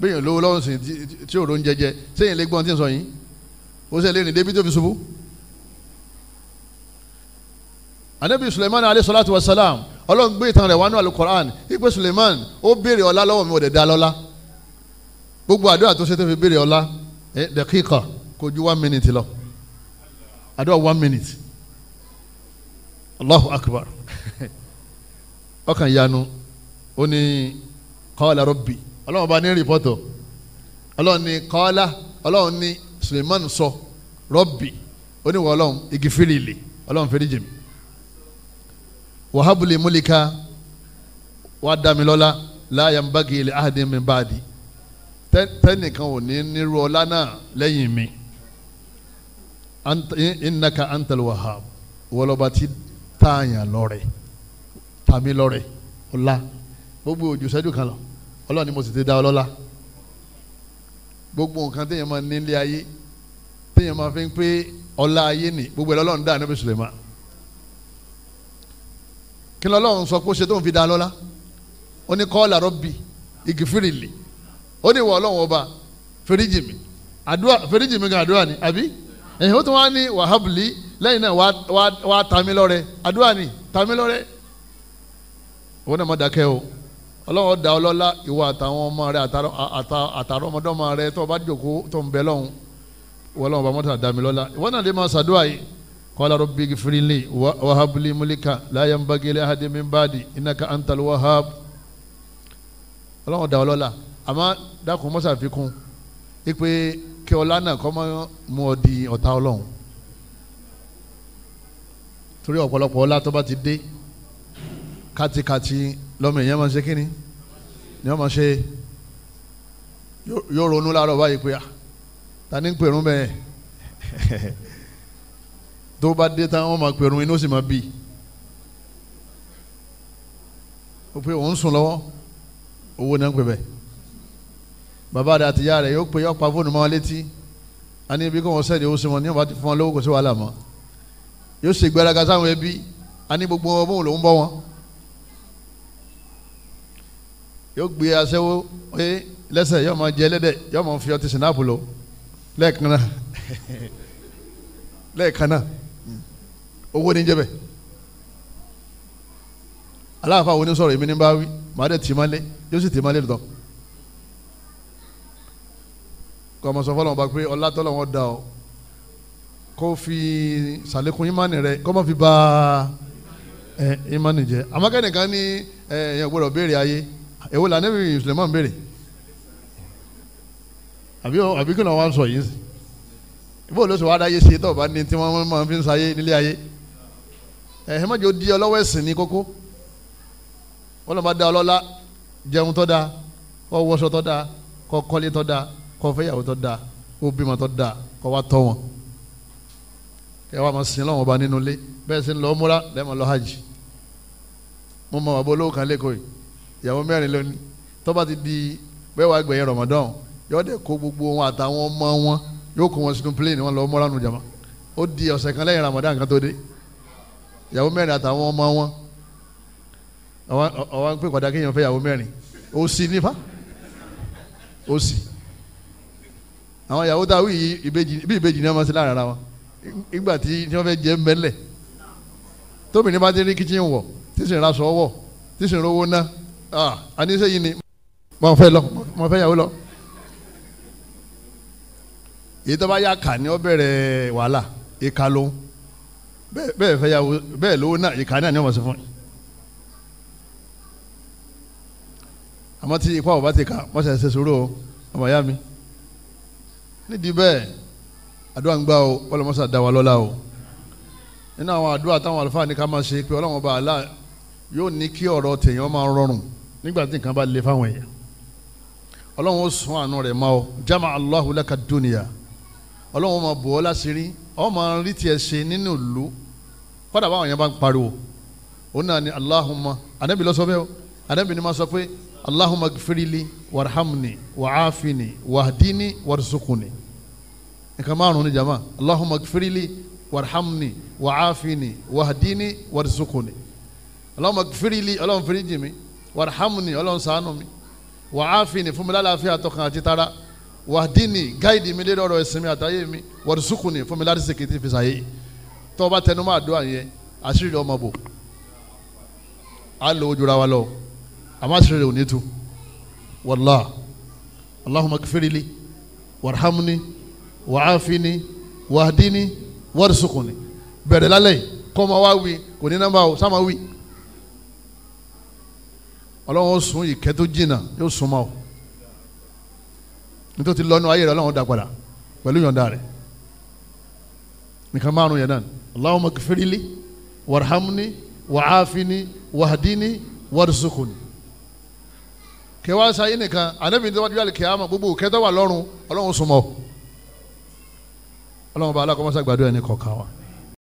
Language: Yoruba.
bẹ́yìn olówó lọ́wọ́ sìn tí òòrò ń jẹjẹ sẹ́yìn lè gbọ́n tí ń sọ yìí ó sẹ́yìn lè rìn débi tó fi ṣubú. anabi suleiman alayhi salatu wa salam ọlọ́run gbé ìtàn rẹ̀ wánú alukoran ipe suleiman ó béèrè ọlá lọ́wọ́ mi ò dẹ̀ dá lọ́lá gbogbo àdúrà tó ṣe tó fi béèrè ọlá ẹ dẹ̀kíkà kò ju one minute lọ àdúrà one minute allahu akbar ọkàn yanu ó ní qala rabbi ọlọ́run ọba ní rìpọ́tọ̀ ọlọ́run ní kọ́lá ọlọ́run ní suleiman sọ rọ́bì oníwọ̀ ọlọ́run igi fìrìlì ọlọ́run fèrè jìmí wàhábùlì múlíkà wàá dàmí lọ́lá láàyè mbàgì ilẹ̀ ahadin mi báàdì tẹ́nìkan ò ní nírú ọlá náà lẹ́yìn mi innaka antal wahab wọlọba ti tààyàn lọ́rẹ̀ tàmí lọ́rẹ̀ ọlá gbogbo òjò sẹ́jú kan lọ ọlọ́run ni mo sì ti dá ọ lọ́lá gbogbo nǹkan téèyàn máa ní ilé ayé téèyàn máa fi ń pé ọlá ayé nì gbogbo ẹ̀ lọ́lọ́run dá ànábì Suleiman kí ni ọlọ́run sọ pé ó ṣe tó ń fi dá lọ́lá ó ní kọ́ọ̀lá rọ́bì igi fìrìlì ó ní ìwọ ọlọ́run ọba fèrèjì mi àdúrà fèrèjì mi gan àdúrà ni àbí ẹ̀yìn ó tún wá ní wàhábìlì lẹ́yìn náà wàá tàmí lọ́rẹ àdúrà ni tàmí lọ́rẹ òun náà má dákẹ́ o ọlọ́run ọ̀dà ọlọ́lá ìwọ àtàwọn ọmọ rẹ àtàrọ ọmọdọ́mọ rẹ tó o bá jòkó tó ń bẹ lọ́hùn ìwọ ọlọ́run ọba mọ́tà dàmí lọ́lá náà lè máa ṣàdúrà yìí qala rabbi gifirili wahabli mulika la yanbaghi li ahadin min ba'di innaka antal wahhab ọlọ́run ọ̀dà ọlọ́lá àmọ́ dákun mọ́sà fikún ipe kí ọlá náà kọ́ mọ́ mú ọ di ọ̀tá ọlọ́run torí ọ̀pọ̀lọpọ̀ ọlá tó bá ti dé kátikati lọ́mọ èèyàn máa ń ṣe kínni ni wọ́n máa ṣe yóò ronú láàárọ̀ báyìí pé ah, ta ni ń pèrún bẹ́ẹ̀ tó bá dé tán wọ́n máa pèrún inú sì máa bì ó pé òun sùn lọ́wọ́ owó náà ń pè bẹ́ẹ̀ bàbá rẹ̀ àtìyá rẹ̀ yóò pè yọ pa fóònù mọ́ létí a ní ibi kí wọ́n sẹ́ni owó sí wọn ní ọba ti fún wọn lówó kò sí wàhálà mọ́ yóò ṣègbéraga sáwọn ẹbí a ní gbogbo ọmọ òun lòún bọ́ wọn yóò gbé aṣẹ́wó pé lẹ́sẹ̀ yóò máa jẹ ẹlẹ́dẹ̀ yóò máa fi ọtí sinapu lò lẹ́ẹ̀kan náà lẹ́ẹ̀kan náà owó ní jẹ́bẹ̀ aláàfáà wo ni sọ̀rọ̀ èmi ní bá wí màá dẹ̀ tì má lé yóò sì tì má lé lọ́tọ̀ kọ́mọ sọ fọlọ́mọba pé ọlá tọ́lọ́wọ́n da ọ kó fi sàlékún ìmánì rẹ kọ́mọ fi ba ìmánì jẹ àmọ́ kẹ́nìkan ní ẹ̀yàn gbọ́dọ̀ béèrè ayé èwo là nẹ́bí Suleiman ń béèrè àbí àbí kí ni wọ́n sọ yìí ìbò ló sọ wá dáyé ṣe tó bá ní tí wọ́n máa fi ń sáyé nílé ayé ẹ̀hìn mọ́jọ di ọlọ́wọ́ ẹ̀sìn ní kókó wọ́n lọ́ bá da ọlọ́lá jẹun tó dáa kọ́ wọṣọ tó dáa kọ́ kọ́lé tó dáa kọ́ fẹ́yàwó tó dáa kó bímọ tó dáa kọ́ wá tọ́ wọn kẹ́ wàá máa sin lọ́wọ́n ọba nínú ilé bẹ́ẹ̀ sì ń lọ múra lẹ́ẹ̀mọ́ lọ hajj mo mọ àbọ̀ olówó kan lẹ́kọ̀ọ́ yìí ìyàwó mẹ́rin lónìí tó bá ti di bẹ́ẹ̀ wá gbẹ̀yìn Ramadan yóò dé kó gbogbo wọn àtàwọn ọmọ wọn yóò kó wọn sínú plane wọn lọ mọ́ra nù jama ó di ọ̀sẹ̀ kan lẹ́yìn Ramadan kan tó dé ìyàwó mẹ́rin àtàwọn ọmọ wọn àwọn pé padà kéèyàn fẹ́ ìyàwó mẹ́rin ó sì nífa ó sì àwọn ìyàwó tá a wí ìbejì bí ìbejì náà máa ṣe lára ara wọn ìgbà tí wọ́n fẹ́ jẹ mẹ́lẹ̀ tóbi ní bá ti rí kíchìn wọ̀ tí sì ń wọ̀ tí rówó náà àníṣe ah, yìí ni mo fẹ́ lọ mo fẹ́ yàwó lọ èyí tó bá yà kà ni ó bẹ̀rẹ̀ wàhálà ìka ló bẹ́ẹ̀ fẹ́ yàwó bẹ́ẹ̀ lówó náà ìka náà ni wọ́n sọ fún Amati àmọ́ tí ipa ò bá ti kà wọ́n ṣe ṣe sòrò ọmọ mi nídìí bẹ́ẹ̀ àdúrà ń o ọlọ́mọṣà dá wa lọ́lá o nínú àwọn àdúrà táwọn àlùfáà ní ká máa ṣe pé ọlọ́wọ́n bá a lá yóò ní kí ọ̀rọ̀ tèèyàn máa rọrùn nígbà tí nǹkan bá le fáwọn èèyàn ọlọ́run ó sún àánú rẹ̀ mọ́ ọ jama allahu laka dunia ọlọ́run ó máa bò ọ́ láṣìírí ọ́ máa rí tiẹ̀ ṣe nínú ìlú kọ́dà báwọn yẹn bá ń pariwo òun náà ni allahumma anabi lọ sọ bẹ́ẹ̀ o anabi ni ma sọ pé allahumma gfirili warhamni wa'afini wahdini warsukuni nǹkan márùn ni jama allahumma gfirili warhamni wa'afini wahdini warsukuni allahumma gfirili ọlọ́run fìrí jì wàhámùnì ọlọ́run ṣàánú mi wàháfìnì fún mi lálàáfíà tọkàn àti tara wàdínì gáìdì mi lérí ọ̀rọ̀ ẹ̀sìn mi àtàyè mi wàdùsùkùnì fún mi láti ṣèkìtì fi ṣàyè tó o bá tẹnu máa dùn àyẹn àṣírí ọmọ bò á lò ó jura wa lọ àmọ́ àṣírí ò ní tu wàlá allahumma kfirili wàhámùnì wàháfìnì wàdínì wàdùsùkùnì bẹ̀rẹ̀ lálẹ́ kọ́ ma wá wí kò ní nọ́mbà o sá ma wí ọlọ́run sún ìkẹ́ tó jìnnà yóò sún mọ́ ọ nítorí ti lọ́nu ayé rẹ ọlọ́run dá padà pẹ̀lú yọ̀ǹda rẹ nìkan márùn yẹn náà Allahumma gfirli warhamni wàhafini wahdini warzukuni kẹwàá sáyé nìkan ànábì ní tọ́wájú àlè kẹwàá gbogbo kẹtọ́ wà lọ́rùn ọlọ́run sún mọ́ ọ ọlọ́run bá alákọ̀ọ́mọ́sá gbàdúrà ẹni kọ̀ọ̀kan wa.